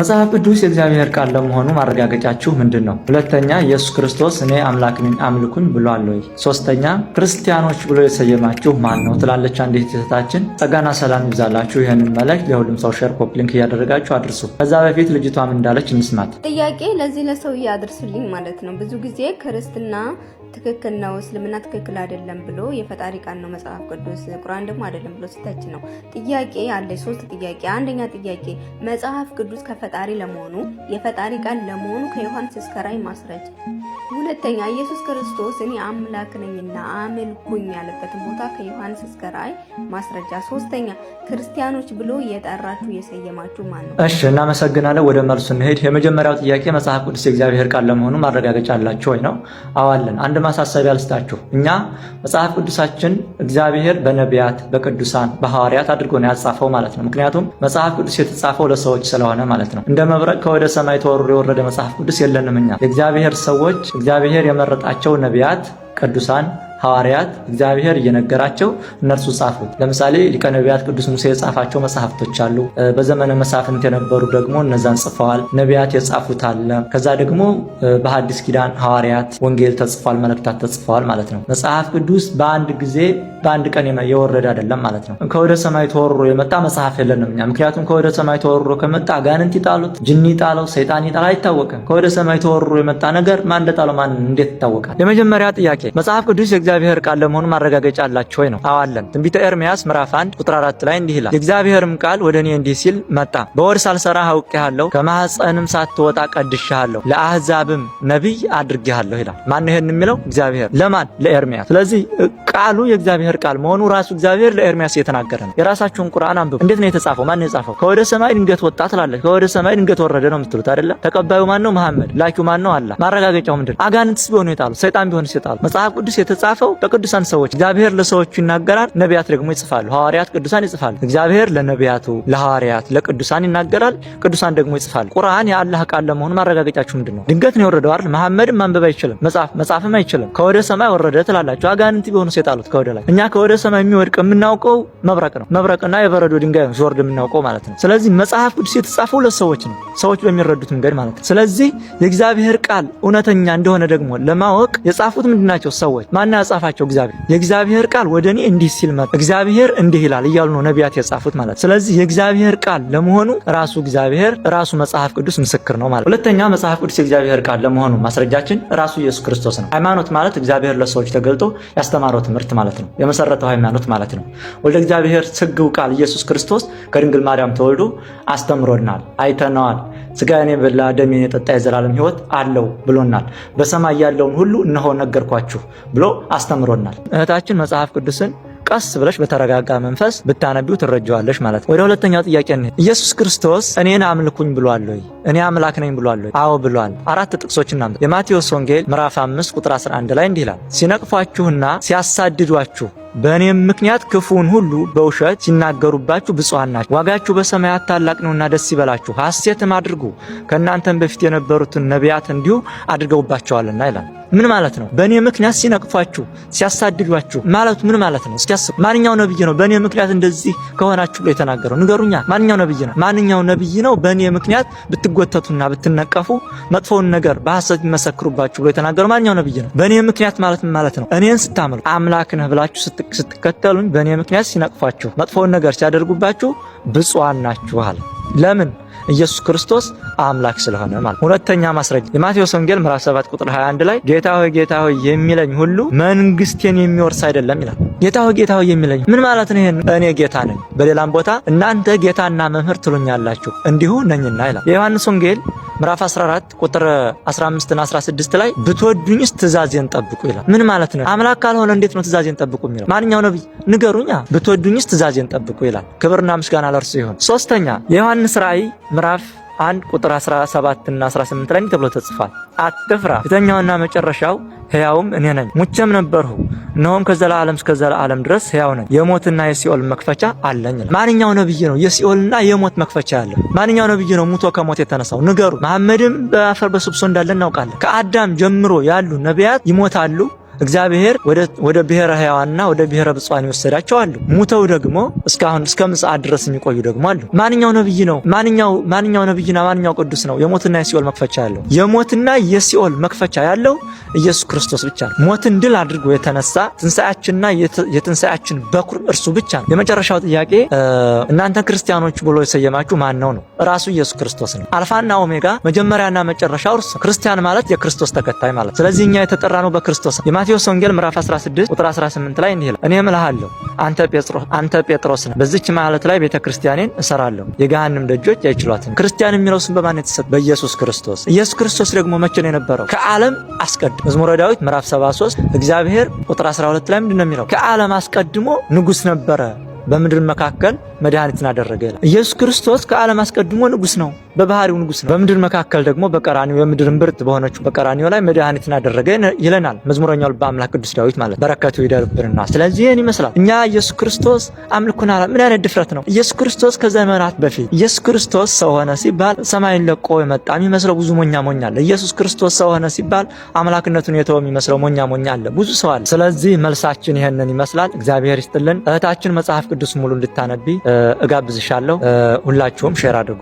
መጽሐፍ ቅዱስ የእግዚአብሔር ቃል ለመሆኑ ማረጋገጫችሁ ምንድን ነው? ሁለተኛ ኢየሱስ ክርስቶስ እኔ አምላክ ነኝ አምልኩኝ ብሏል ወይ? ሶስተኛ ክርስቲያኖች ብሎ የሰየማችሁ ማን ነው ትላለች አንዲት እህታችን። ጸጋና ሰላም ይብዛላችሁ። ይህንን መልእክት ለሁሉም ሰው ሼር፣ ኮፒ ሊንክ እያደረጋችሁ አድርሱ። ከዛ በፊት ልጅቷ ምን እንዳለች እንስማት። ጥያቄ ለዚህ ለሰውዬ አድርሱልኝ ማለት ነው። ብዙ ጊዜ ክርስትና ትክክል ነው፣ እስልምና ትክክል አይደለም ብሎ የፈጣሪ ቃል ነው መጽሐፍ ቅዱስ፣ ቁርአን ደግሞ አይደለም ብሎ ሲተች ነው። ጥያቄ አለ፣ ሶስት ጥያቄ። አንደኛ ጥያቄ መጽሐፍ ቅዱስ ከፈጣሪ ለመሆኑ የፈጣሪ ቃል ለመሆኑ ከዮሐንስ እስከ ራዕይ ማስረጃ። ሁለተኛ ኢየሱስ ክርስቶስ እኔ አምላክ ነኝና አምልኩኝ ያለበትን ቦታ ከዮሐንስ እስከ ማስረጃ። ሶስተኛ ክርስቲያኖች ብሎ የጠራችሁ የሰየማችሁ ማን ነው? እሺ፣ እናመሰግናለን። ወደ መልሱ እንሄድ። የመጀመሪያው ጥያቄ መጽሐፍ ቅዱስ የእግዚአብሔር ቃል ለመሆኑ ማረጋገጫ አላችሁ ወይ ነው። አዋለን ማሳሰቢያ ልስጣችሁ። እኛ መጽሐፍ ቅዱሳችን እግዚአብሔር በነቢያት በቅዱሳን በሐዋርያት አድርጎ ነው ያጻፈው ማለት ነው። ምክንያቱም መጽሐፍ ቅዱስ የተጻፈው ለሰዎች ስለሆነ ማለት ነው። እንደ መብረቅ ከወደ ሰማይ ተወርሮ የወረደ መጽሐፍ ቅዱስ የለንም። እኛ የእግዚአብሔር ሰዎች፣ እግዚአብሔር የመረጣቸው ነቢያት፣ ቅዱሳን ሐዋርያት እግዚአብሔር እየነገራቸው እነርሱ ጻፉት። ለምሳሌ ሊቀ ነቢያት ቅዱስ ሙሴ የጻፋቸው መጽሐፍቶች አሉ። በዘመነ መሳፍንት የነበሩ ደግሞ እነዛን ጽፈዋል። ነቢያት የጻፉት አለ። ከዛ ደግሞ በሐዲስ ኪዳን ሐዋርያት ወንጌል ተጽፏል፣ መልእክታት ተጽፈዋል ማለት ነው። መጽሐፍ ቅዱስ በአንድ ጊዜ በአንድ ቀን የወረደ አይደለም ማለት ነው። ከወደ ሰማይ ተወርሮ የመጣ መጽሐፍ የለንም እኛ። ምክንያቱም ከወደ ሰማይ ተወርሮ ከመጣ አጋንንት ይጣሉት፣ ጅኒ ጣለው፣ ሰይጣን ይጣል፣ አይታወቅም። ከወደ ሰማይ ተወርሮ የመጣ ነገር ማን እንደጣለው ማን እንዴት ይታወቃል? የመጀመሪያ ጥያቄ መጽሐፍ ቅዱስ የእግዚአብሔር ቃል ለመሆኑ ማረጋገጫ አላችሁ ወይ ነው? አዋለን ትንቢተ ኤርምያስ ምዕራፍ 1 ቁጥር 4 ላይ እንዲህ ይላል፣ የእግዚአብሔርም ቃል ወደ እኔ እንዲህ ሲል መጣ። በወር ሳልሰራህ አውቄሃለሁ፣ ከማኅፀንም ሳትወጣ ቀድሼሃለሁ፣ ለአሕዛብም ነቢይ አድርጌሃለሁ ይላል። ማን ይሄን የሚለው? እግዚአብሔር። ለማን? ለኤርምያስ። ስለዚህ ቃሉ የእግዚአብሔር ቃል መሆኑ ራሱ እግዚአብሔር ለኤርምያስ የተናገረ ነው። የራሳችሁን ቁርአን አንብቡ። እንዴት ነው የተጻፈው? ማን የጻፈው? ከወደ ሰማይ ድንገት ወጣ ትላለች፣ ከወደ ሰማይ ድንገት ወረደ ነው የምትሉት አይደለ? ተቀባዩ ማን ነው? መሐመድ። ላኪው ማን ነው? አላህ። ማረጋገጫው ምንድን አጋንንትስ ቢሆኑ የጣሉት ሰይጣን ቢሆንስ የጣሉት መጽሐፍ ቅዱስ የተጻፈ የተጻፈው በቅዱሳን ሰዎች። እግዚአብሔር ለሰዎቹ ይናገራል፣ ነቢያት ደግሞ ይጽፋሉ፣ ሐዋርያት ቅዱሳን ይጽፋሉ። እግዚአብሔር ለነቢያቱ፣ ለሐዋርያት፣ ለቅዱሳን ይናገራል፣ ቅዱሳን ደግሞ ይጽፋሉ። ቁርአን የአላህ ቃል ለመሆኑ ማረጋገጫችሁ ምንድን ነው? ድንገት ነው የወረደው አይደል? መሐመድም ማንበብ አይችልም፣ መጽሐፍ መጻፍም አይችልም። ከወደ ሰማይ ወረደ ትላላችሁ። አጋንንት ቢሆኑ ሴጣሉት ከወደ ላይ። እኛ ከወደ ሰማይ የሚወድቅ የምናውቀው መብረቅ ነው፣ መብረቅና የበረዶ ድንጋይ ነው ሲወርድ የምናውቀው ማለት ነው። ስለዚህ መጽሐፍ ቅዱስ የተጻፈው ለሰዎች ነው፣ ሰዎች በሚረዱት መንገድ ማለት ነው። ስለዚህ የእግዚአብሔር ቃል እውነተኛ እንደሆነ ደግሞ ለማወቅ የጻፉት ምንድናቸው? ሰዎች ማና ጻፋቸው እግዚአብሔር። የእግዚአብሔር ቃል ወደ እኔ እንዲህ ሲል መጣ፣ እግዚአብሔር እንዲህ ይላል እያሉ ነው ነቢያት የጻፉት ማለት። ስለዚህ የእግዚአብሔር ቃል ለመሆኑ ራሱ እግዚአብሔር ራሱ መጽሐፍ ቅዱስ ምስክር ነው ማለት። ሁለተኛ መጽሐፍ ቅዱስ የእግዚአብሔር ቃል ለመሆኑ ማስረጃችን ራሱ ኢየሱስ ክርስቶስ ነው። ሃይማኖት ማለት እግዚአብሔር ለሰዎች ተገልጦ ያስተማረው ትምህርት ማለት ነው፣ የመሰረተው ሃይማኖት ማለት ነው። ወልደ እግዚአብሔር ስግው ቃል ኢየሱስ ክርስቶስ ከድንግል ማርያም ተወልዶ አስተምሮናል፣ አይተነዋል ስጋዬን የበላ ደሜን የጠጣ የዘላለም ሕይወት አለው ብሎናል። በሰማይ ያለውን ሁሉ እነሆ ነገርኳችሁ ብሎ አስተምሮናል። እህታችን መጽሐፍ ቅዱስን ቀስ ብለሽ በተረጋጋ መንፈስ ብታነቢው ትረጀዋለሽ ማለት ነው። ወደ ሁለተኛው ጥያቄ እንሂድ። ኢየሱስ ክርስቶስ እኔን አምልኩኝ ብሏል ወይ? እኔ አምላክ ነኝ ብሏል ወይ? አዎ ብሏል። አራት ጥቅሶች እናምጣ። የማቴዎስ ወንጌል ምዕራፍ 5 ቁጥር 11 ላይ እንዲህ ይላል፣ ሲነቅፏችሁና ሲያሳድዷችሁ በእኔም ምክንያት ክፉውን ሁሉ በውሸት ሲናገሩባችሁ ብፁዓን ናችሁ። ዋጋችሁ በሰማያት ታላቅ ነውና ደስ ይበላችሁ፣ ሐሴትም አድርጉ። ከእናንተም በፊት የነበሩትን ነቢያት እንዲሁ አድርገውባቸዋልና ይላል። ምን ማለት ነው? በእኔ ምክንያት ሲነቅፏችሁ ሲያሳድዷችሁ ማለቱ ምን ማለት ነው? አስቡ። ማንኛው ነብይ ነው በእኔ ምክንያት እንደዚህ ከሆናችሁ ብሎ የተናገረው? ንገሩኛ። ማንኛው ነብይ ነው? ማንኛው ነብይ ነው በእኔ ምክንያት ብትጎተቱና ብትነቀፉ መጥፎውን ነገር በሐሰት ቢመሰክሩባችሁ ብሎ የተናገረው ማንኛው ነብይ ነው? በእኔ ምክንያት ማለት ምን ማለት ነው? እኔን ስታምሉ አምላክ ነህ ብላችሁ ስትከተሉኝ በእኔ ምክንያት ሲነቅፏችሁ መጥፎውን ነገር ሲያደርጉባችሁ ብፁዓን ናችሁ አለ። ለምን ኢየሱስ ክርስቶስ አምላክ ስለሆነ ማለት። ሁለተኛ ማስረጃ የማቴዎስ ወንጌል ምዕራፍ 7 ቁጥር 21 ላይ ጌታ ሆይ ጌታ ሆይ የሚለኝ ሁሉ መንግስቴን የሚወርስ አይደለም ይላል። ጌታ ሆይ ጌታ ሆይ የሚለኝ ምን ማለት ነው? ይሄን እኔ ጌታ ነኝ፣ በሌላም ቦታ እናንተ ጌታና መምህር ትሉኛላችሁ እንዲሁ ነኝና ይላል የዮሐንስ ወንጌል ምዕራፍ 14 ቁጥር 15 እና 16 ላይ ብትወዱኝስ ትእዛዜን ጠብቁ ይላል። ምን ማለት ነው? አምላክ ካልሆነ እንዴት ነው ትእዛዜን ጠብቁ የሚለው? ማንኛው ነብይ ንገሩኛ። ብትወዱኝስ ትእዛዜን ጠብቁ ይላል። ክብርና ምስጋና ለእርሱ ይሁን። ሶስተኛ የዮሐንስ ራእይ ምዕራፍ 1 ቁጥር 17 እና 18 ላይ ተብሎ ተጽፏል። አትፍራ፣ ፊተኛውና መጨረሻው ሕያውም እኔ ነኝ፣ ሙቼም ነበርሁ፣ እነሆም ከዘላለም እስከ ዘላለም ድረስ ሕያው ነኝ፣ የሞትና የሲኦል መክፈቻ አለኝ። ማንኛው ነብይ ነው የሲኦልና የሞት መክፈቻ ያለው? ማንኛው ነብይ ነው ሙቶ ከሞት የተነሳው? ንገሩ። መሐመድም በአፈር በስብሶ እንዳለ እናውቃለን። ከአዳም ጀምሮ ያሉ ነቢያት ይሞታሉ እግዚአብሔር ወደ ብሔረ ሕያዋንና ወደ ብሔረ ብፁዓን ይወሰዳቸው አሉ። ሙተው ደግሞ እስካሁን እስከ ምጽአት ድረስ የሚቆዩ ደግሞ አሉ። ማንኛው ነብይ ነው? ማንኛው ማንኛው ነብይና ማንኛው ቅዱስ ነው? የሞትና የሲኦል መክፈቻ ያለው የሞትና የሲኦል መክፈቻ ያለው ኢየሱስ ክርስቶስ ብቻ ነው። ሞትን ድል አድርጎ የተነሳ ትንሣኤያችንና የትንሣኤያችን በኩር እርሱ ብቻ ነው። የመጨረሻው ጥያቄ እናንተ ክርስቲያኖች ብሎ የሰየማችሁ ማን ነው ነው? ራሱ ኢየሱስ ክርስቶስ ነው። አልፋና ኦሜጋ መጀመሪያና መጨረሻው እርሱ። ክርስቲያን ማለት የክርስቶስ ተከታይ ማለት። ስለዚህ እኛ ነው በክርስቶስ ነው። ማቴዎስ ወንጌል ምዕራፍ 16 ቁጥር 18 ላይ እንዲህ ይላል፣ እኔ እምልሃለሁ አንተ ጴጥሮስ አንተ ጴጥሮስ ነህ፣ በዚች ማለት ላይ ቤተ ክርስቲያኔን እሰራለሁ፣ የገሃንም ደጆች አይችሏትም። ክርስቲያን የሚለው ስም በማን የተሰጠ? በኢየሱስ ክርስቶስ። ኢየሱስ ክርስቶስ ደግሞ መቼ ነው የነበረው? ከዓለም አስቀድሞ። መዝሙረ ዳዊት ምዕራፍ 73 እግዚአብሔር ቁጥር 12 ላይ ምንድን ነው የሚለው? ከዓለም አስቀድሞ ንጉሥ ነበረ፣ በምድር መካከል መድኃኒትን አደረገ ይላል። ኢየሱስ ክርስቶስ ከዓለም አስቀድሞ ንጉሥ ነው። በባህሪው ንጉስ ነው። በምድር መካከል ደግሞ በቀራኒው የምድር እምብርት በሆነችው በቀራኒው ላይ መድኃኒትን አደረገ ይለናል መዝሙረኛው በአምላክ ቅዱስ ዳዊት ማለት በረከቱ ይደርብንና። ስለዚህ ይህን ይመስላል እኛ ኢየሱስ ክርስቶስ አምልኩና ምን አይነት ድፍረት ነው! ኢየሱስ ክርስቶስ ከዘመናት በፊት ኢየሱስ ክርስቶስ ሰው ሆነ ሲባል ሰማይን ለቆ የመጣ የሚመስለው ብዙ ሞኛ ሞኛ አለ። ኢየሱስ ክርስቶስ ሰው ሆነ ሲባል አምላክነቱን የተወ የሚመስለው ሞኛ ሞኛ አለ፣ ብዙ ሰው አለ። ስለዚህ መልሳችን ይህንን ይመስላል። እግዚአብሔር ይስጥልን። እህታችን መጽሐፍ ቅዱስ ሙሉ እንድታነቢ እጋብዝሻለሁ። ሁላችሁም ሼር አድርጉ።